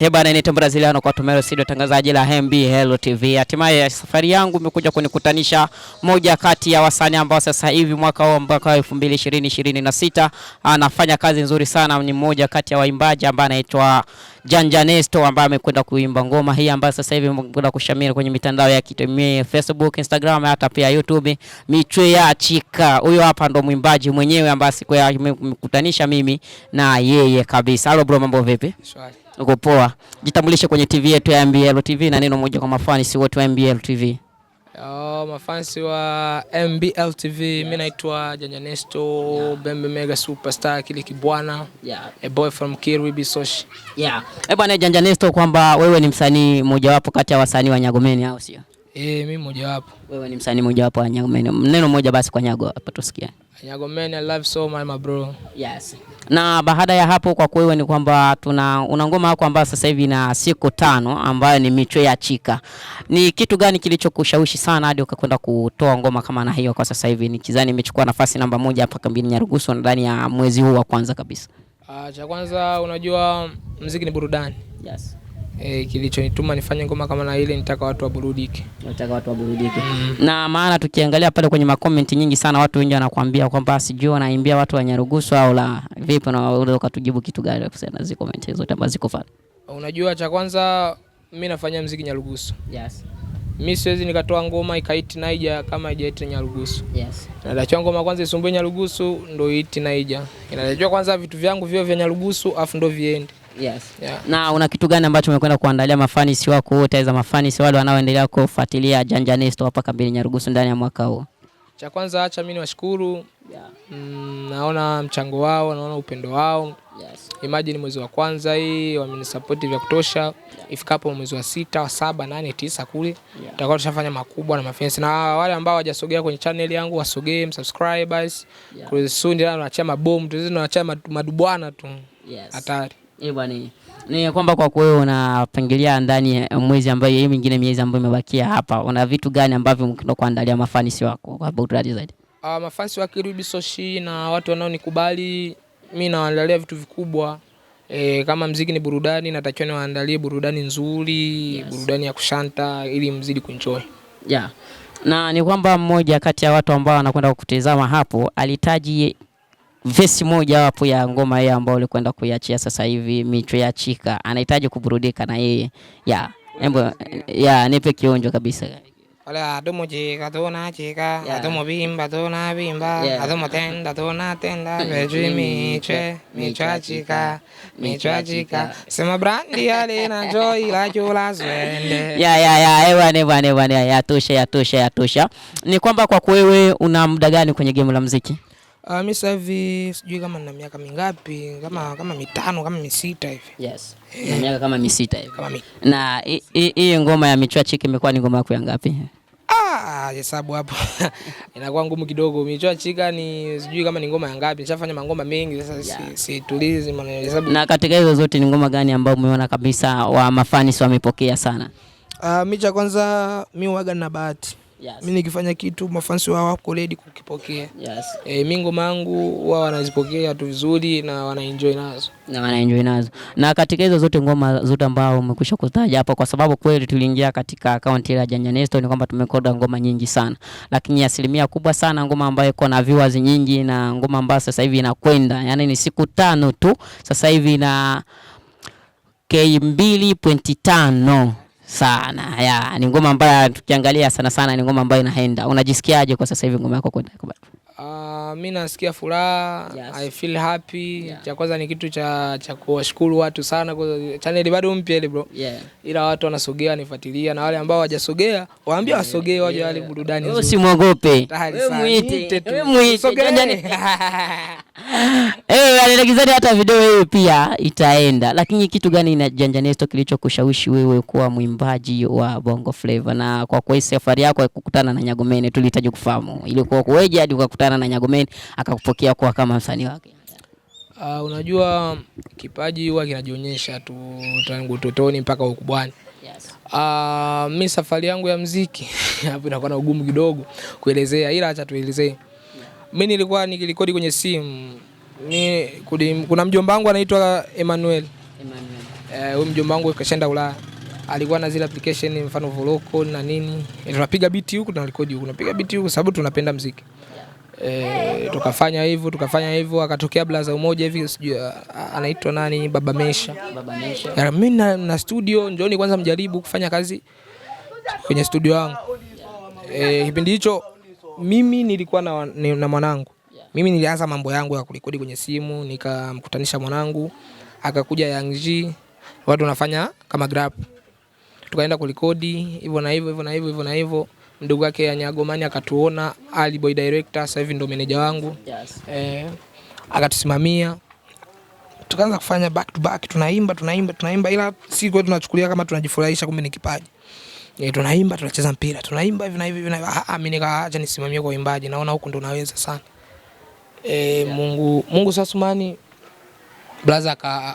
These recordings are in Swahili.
Eh bana, inaitwa Braziliano kwa Tumero Studio, tangazaji la MB Hello TV. Hatimaye safari yangu imekuja kunikutanisha moja kati ya wasanii ambao sasa hivi mwaka huu mpaka 2026 anafanya ah, kazi nzuri sana. Ni mmoja kati ya waimbaji ambaye anaitwa Janja Nesto ambaye amekwenda kuimba ngoma hii ambayo sasa hivi imekwenda kushamiri kwenye mitandao ya kijamii Facebook, Instagram hata pia YouTube. Michwe ya Chika. Huyo hapa ndo mwimbaji mwenyewe ambaye siku ya mkutanisha mimi na yeye kabisa. Halo bro, mambo vipi? Shwari. Uko poa. Jitambulishe kwenye TV yetu ya MBL TV na neno moja kwa mafansi wote wa MBL TV. Oh, mafansi wa MBL TV yes. Mimi naitwa Janja Nesto yeah. Bembe Mega Superstar kile kibwana yeah. A boy from Kirwi Bisosh. Yeah. Eh, bwana Janja Nesto kwamba wewe ni msanii mojawapo kati ya wasanii wa Nyagomeni au sio? Eh, mimi mojawapo. Wewe ni msanii mojawapo wa Nyagomeni. Neno moja basi kwa Nyago hapa tusikie. Nyagomeni I love so much my bro. Yes na baada ya hapo kwa kwewe ni kwamba tuna una ngoma yako ambayo sasa hivi ina siku tano ambayo ni michwe ya chika. Ni kitu gani kilichokushawishi sana hadi ukakwenda kutoa ngoma kama na hiyo kwa sasa hivi? Nikizani imechukua nafasi namba moja hapa kambini Nyarugusu ndani ya mwezi huu wa kwanza kabisa. Ah, cha kwanza unajua mziki ni burudani. Yes. E, kilichonituma nifanye ngoma kama na ile nitaka watu waburudike. Nataka watu waburudike. Mm. Na maana tukiangalia pale kwenye makomenti nyingi sana watu wengi wanakuambia kwamba sijui wanaimbia watu wa Nyarugusu au la. Vipi na wewe ukatujibu kitu gani kusema hizo comment zote ambazo ziko pale? Unajua cha kwanza mimi nafanya mziki Nyarugusu. Yes. Mimi siwezi nikatoa ngoma ikaiti Naija kama haijaiti Nyarugusu. Yes. Natakiwa ngoma kwanza isumbue Nyarugusu ndio iiti Naija. Inatakiwa kwanza vitu vyangu vio vya Nyarugusu afu ndio viende. Yes. Yeah. Na una kitu gani ambacho umekwenda kuandalia mafanisi wako wote za mafanisi wale wanaoendelea kufuatilia Janja Nesto hapa kambini Nyarugusu ndani ya mwaka huu? Cha kwanza acha mimi niwashukuru. Yeah. Mm, naona mchango wao, naona upendo wao. Yes. Imagine mwezi wa kwanza hii wamenisupport vya kutosha. Yeah. Ifikapo mwezi wa sita, wa saba, nane, tisa kule yeah, tutakuwa tushafanya makubwa na mafanisi. Na wale ambao hawajasogea kwenye channel yangu wasogee, msubscribers. Yeah. Kwa hiyo soon ndio tunaachia mabomu, tunaachia madubwana tu. Hatari. Yes. Eh, bwana ni kwamba kwa wewe unapangilia ndani mwezi ambayo hii mingine miezi ambayo imebakia hapa, una vitu gani ambavyo mkindo kuandalia mafanisi wako kwa burudani zaidi? Ah, uh, mafanisi wa Kirubi Soshi na watu wanaonikubali mimi naandalia vitu vikubwa. E, kama mziki ni burudani, natakiwa niwaandalie burudani nzuri, yes. Burudani ya kushanta ili mzidi kuenjoy. Yeah. Na ni kwamba mmoja kati ya watu ambao wanakwenda kukutizama hapo alitaji vesi moja wapo ya ngoma yeye ambayo ulikwenda kuiachia sasa hivi Micho ya Chika, anahitaji kuburudika na yeye ya embo ya nipe kionjo kabisa Ola adomo chika tona chika adomo bimba tona bimba adomo tenda tona tenda veji miche micho ya chika micho ya chika sema brandi ale na joy la jola zwende ya ya ya ewa ne bwana bwana ya tosha ya tosha ya tosha. Ni kwamba kwa kwewe una muda gani kwenye game la muziki? Uh, ah, mi sasa hivi sijui kama na miaka mingapi kama kama mitano kama misita hivi. Yes. Eh. Na miaka kama misita hivi. Kama mi. Na hii ngoma ya Michwa Chiki imekuwa ni ngoma yako ya ngapi? Ah, hesabu hapo. Inakuwa ngumu kidogo. Michwa Chika ni sijui kama ni ngoma ya ngapi. Nishafanya mangoma mengi sasa yeah. Situlizi si maana hesabu. Na katika hizo zote ni ngoma gani ambayo umeona kabisa wa mafani wamepokea sana? Ah, uh, Micha kwanza mi waga na bahati. Yes. Mimi nikifanya kitu mafansi wao wako ready kukipokea. Yes. E, mingo ngoma yangu wao wanazipokea tu vizuri na wanaenjoy nazo. Na wanaenjoy nazo. Na katika hizo zote ngoma zote ambao umekwisha kutaja hapo, kwa sababu kweli tuliingia katika akaunti ya Janja Nesto, ni kwamba tumekoda ngoma nyingi sana, lakini asilimia kubwa sana ngoma ambayo iko na viewers nyingi na ngoma ambayo sasa hivi inakwenda, yani ni siku tano tu sasa hivi na K 25 sana ya, ni ngoma ambayo tukiangalia sana sana ni ngoma ambayo inaenda. Unajisikiaje kwa sasa hivi ngoma yako kwenda? Uh, ah, mi nasikia furaha yes. I feel happy yeah. Cha kwanza ni kitu cha cha kuwashukuru watu sana kwa channel bado mpya ile bro yeah. Ila watu wanasogea nifuatilia, na wale ambao hawajasogea waambie wasogee yeah. wale burudani usimwogope wewe, muite wewe, muite Eh, analegezani hata video hiyo pia itaenda. Lakini kitu gani ina Janja Nesto kilichokushawishi wewe kuwa mwimbaji wa Bongo Flava na kwa kweli safari yako ya kukutana na Nyagomeni tulihitaji kufahamu. Ilikuwa kuweje hadi ukakutana na Nyagomeni akakupokea kuwa kama msanii wake? Uh, unajua kipaji huwa kinajionyesha tu tangu utotoni mpaka ukubwani. Yes. Uh, mi safari yangu ya mziki hapo inakuwa na ugumu kidogo kuelezea, ila acha tuelezee mimi nilikuwa nikirekodi kwenye simu ni, kudim, kuna mjomba wangu anaitwa Emmanuel Emmanuel, eh, huyu uh, mjomba wangu kashaenda Ulaya, alikuwa na zile application mfano Voloco na nini, e, tunapiga beat huku tunarekodi huku, tunapiga beat huku sababu tunapenda muziki E, tukafanya hivyo tukafanya hivyo, akatokea blaza umoja hivi sijui anaitwa nani, Baba Mesha, Baba Mesha, mimi na, na studio njooni kwanza mjaribu kufanya kazi kwenye studio yangu e, kipindi hicho mimi nilikuwa na, na mwanangu yeah. Mimi nilianza mambo yangu ya kurekodi kwenye simu, nikamkutanisha mwanangu akakuja yang watu wanafanya kama grab, tukaenda kurekodi hivyo na hivyo hivyo na hivyo hivyo na hivyo. Ndugu yake anyagomani akatuona, aliboy director, sasa hivi ndo meneja wangu yes. Eh, akatusimamia tukaanza kufanya back to back, tunaimba tunaimba tunaimba, ila si kwetu tunachukulia kama tunajifurahisha, kumbe ni kipaji. E, tunaimba tunacheza mpira tunaimba hivi na hivi hivi na ah, ah, mimi nikaacha nisimamie kwa uimbaji, naona huku ndo naweza sana e, Mungu Mungu Sasumani blaza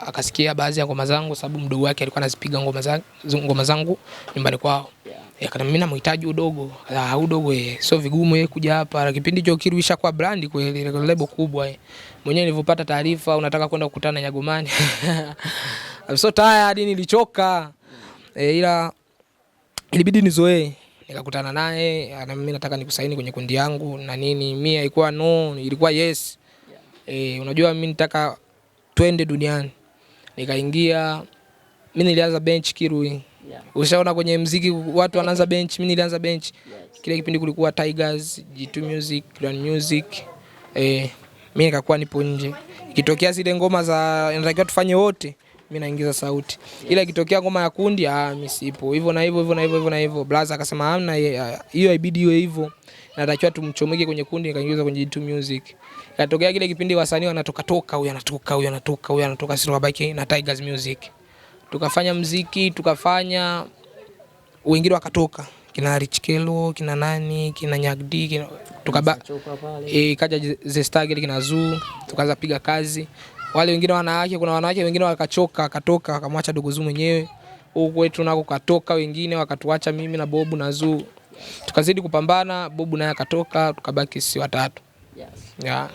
akasikia baadhi ya ngoma zangu, sababu mdogo wake alikuwa anazipiga ngoma zangu ngoma zangu nyumbani kwao yeah. E, kana mimi namhitaji udogo ah, udogo e, sio vigumu yeye kuja hapa kipindi hicho kirusha kwa brandi kweli lebo kubwa e. Mwenyewe nilipopata taarifa unataka kwenda kukutana Nyagomani I'm so tired nilichoka e, ila ilibidi nizoee nikakutana naye, mimi nataka nikusaini kwenye kundi yangu na nini. Mimi haikuwa no, ilikuwa yes. E, unajua mimi nataka twende duniani. Nikaingia mimi nilianza bench Kirui. Ushaona kwenye mziki watu wanaanza bench, mimi nilianza bench. Kile kipindi kulikuwa Tigers, G2 Music, Grand Music. Eh, mimi nikakuwa nipo nje. Ikitokea zile ngoma za natakiwa tufanye wote mimi naingiza sauti, yes. ila ikitokea ngoma ya kundi, ah, mimi sipo hivyo na hivyo hivyo na hivyo hivyo na hivyo. Blaza akasema hamna, ah, hiyo ibidi iwe hivyo, natakiwa tumchomeke kwenye kundi, nikaingiza kwenye Jitu e Music. Katokea kile kipindi wasanii wanatoka toka, huyu anatoka, huyu anatoka, huyu anatoka, sisi tukabaki na Tigers Music, tukafanya mziki, tukafanya wengine wakatoka kina Rich Kelo kina nani kina Nyagdi kina tukaba, e, kaja Zestagel kina Zoo tukaanza piga kazi wale wengine wanawake, kuna wanawake wengine wakachoka wakatoka wakamwacha dogo zuu mwenyewe, huku kwetu nako katoka wengine wakatuacha mimi na Bobu na Zuu, tukazidi kupambana, Bobu naye akatoka, tukabaki si watatu yes. yeah.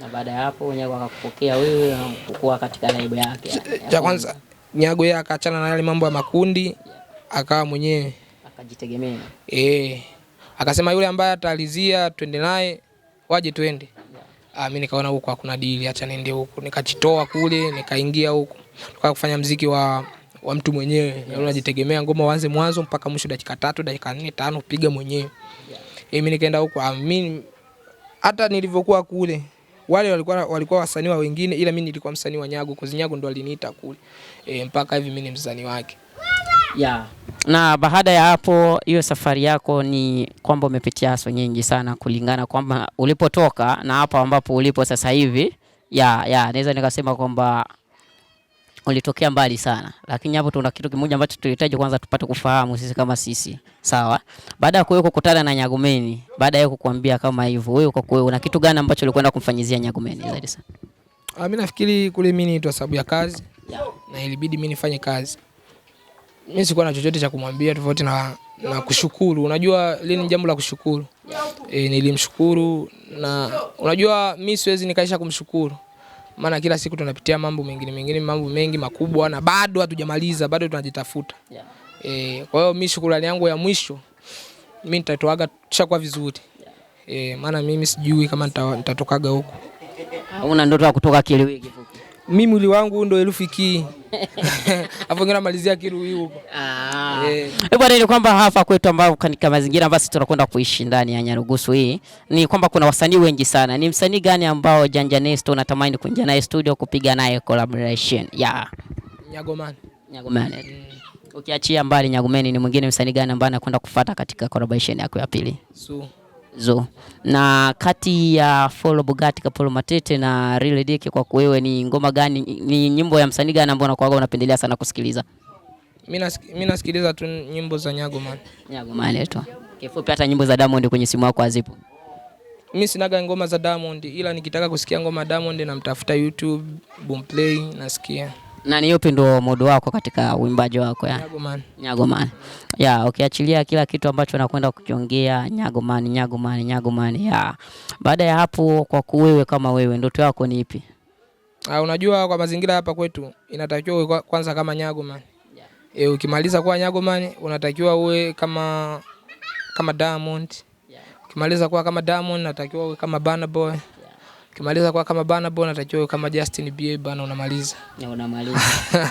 na baada ya hapo Nyago akakupokea wewe kukua katika laibu yake ya, ya kwanza Nyago yeye akaachana na yale mambo ya makundi yeah. akawa mwenyewe akajitegemea eh, akasema yule ambaye ataalizia twende naye waje twende Ah, mi mimi nikaona huku hakuna dili acha niende huku. Nikajitoa kule, nikaingia huku. tukaa kufanya mziki wa wa mtu mwenyewe. Yes. Yaani unajitegemea ngoma uanze mwanzo mpaka mwisho dakika tatu, dakika nne, tano piga mwenyewe. Yeah. Mimi eh, nikaenda huku, mimi ah, hata nilivyokuwa kule wale walikuwa walikuwa wasanii wa wengine, ila mimi nilikuwa msanii wa Nyago, kwa Nyago ndo aliniita kule. E, mpaka hivi mimi ni msanii wake yeah. Na baada ya hapo, hiyo safari yako ni kwamba umepitia aso nyingi sana, kulingana kwamba ulipotoka na hapa ambapo ulipo sasa hivi ya ya Naweza nikasema kwamba ulitokea mbali sana, lakini hapo tuna kitu kimoja ambacho tulihitaji kwanza tupate kufahamu sisi kama sisi, sawa. Baada ya kuwe kukutana na Nyagumeni, baada ya kukuambia kama hivyo, wewe kwa kweli una kitu gani ambacho ulikwenda kumfanyizia Nyagumeni zaidi sana? Ah, mimi nafikiri kule mimi ni sababu ya kazi yeah. na ilibidi mimi nifanye kazi mimi sikuwa na chochote cha kumwambia tofauti na, na kushukuru. Unajua lini ni jambo la kushukuru e, nilimshukuru na unajua mi siwezi nikaisha kumshukuru, maana kila siku tunapitia mambo mengine mengine mambo mengi makubwa na bado hatujamaliza, bado tunajitafuta e, kwa hiyo mimi shukrani yangu ya mwisho mimi nitatoaga tushakuwa vizuri e, maana mimi sijui kama nitatokaga huko. Una ndoto ya kutoka Kiliwigi? mimi mwili wangu ndo herufi ki hapo ngine malizia kiru huko. Ah. Eh, bwana ni kwamba hapa kwetu ambao katika mazingira sisi tunakwenda kuishi ndani ya Nyarugusu hii ni kwamba kuna wasanii wengi sana. Ni msanii gani ambao Janja Nesto unatamani kuingia naye studio kupiga naye collaboration? Yeah. Nyagoman. Nyagoman. Mm. Ukiachia mbali Nyagomani ni mwingine msanii gani ambaye anakwenda kufuata katika collaboration yako ya pili? Su mchezo na kati ya Folo Bogati Kapolo Matete na Rile Deke, kwa kuwewe ni ngoma gani, ni nyimbo ya msanii gani ambao unakuwa unapendelea sana kusikiliza? Mimi nasikiliza tu nyimbo za Nyago Man. Nyago Man tu. Kifupi, hata nyimbo za Diamond kwenye simu yako hazipo? Mimi sinaga ngoma za Diamond, ila nikitaka kusikia ngoma Diamond namtafuta YouTube, Boomplay nasikia. Na ni ndo ndio modo wako katika uimbaji wako ya? Nyagoman. Nyagoman. Ya, ukiachilia kila kitu ambacho unakwenda kukiongea Nyagoman, Nyagoman, Nyagoman. Ya. Baada ya hapo kwa wewe kama wewe ndoto yako ni ipi? Ah, unajua kwa mazingira hapa kwetu inatakiwa uwe kwanza kama Nyagoman. Yeah. E, ukimaliza kuwa Nyagoman unatakiwa uwe kama kama Diamond. Yeah. Ukimaliza kuwa kama Diamond unatakiwa uwe kama Burna Boy kimaliza kwa kama bana bona atajua kama Justin Bieber bana, unamaliza unamaliza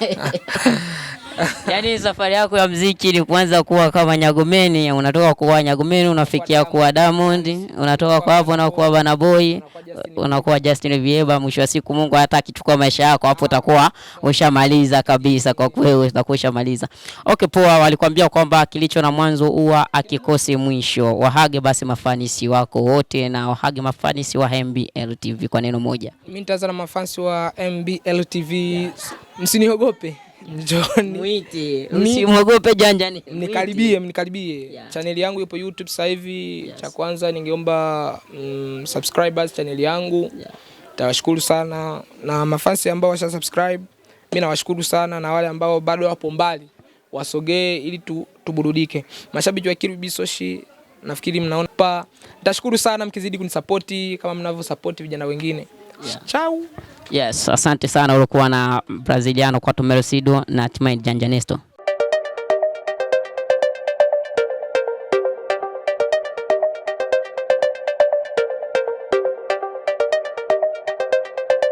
Yaani safari yako ya mziki ni kuanza kuwa kama Nyagomeni, unatoka kuwa Nyagomeni unafikia kuwa Diamond, unatoka kwa hapo unakuwa Bana Boy, unakuwa Justin Bieber. Mwisho wa siku Mungu hata akichukua maisha yako hapo utakuwa ushamaliza kabisa, kwa kweli utakuwa ushamaliza. Okay, poa. Walikwambia kwamba kilicho na mwanzo huwa akikosi mwisho. Wahage basi mafanisi wako wote na wahage mafanisi wa MBL TV kwa neno moja. Mimi nitazana mafanisi wa MBL TV, msiniogope. Mwiti, usimwogope janjani. Mnikaribie, mnikaribie. Yeah. Chaneli yangu ipo YouTube sasa hivi. Yes. Cha kwanza ningeomba mm, subscribers chaneli yangu. Yeah. Tawashukuru sana na mafansi ambao washa subscribe. Mimi nawashukuru sana na wale ambao bado wapo mbali wasogee ili tu, tuburudike. Mashabiki wa Kirby Bisoshi nafikiri mnaona pa. Nitashukuru sana mkizidi kunisapoti kama mnavyo support vijana wengine yeah. Chao. Yes, asante sana ulikuwa na Braziliano kwa Tomerosido na hatimaye Janjanesto.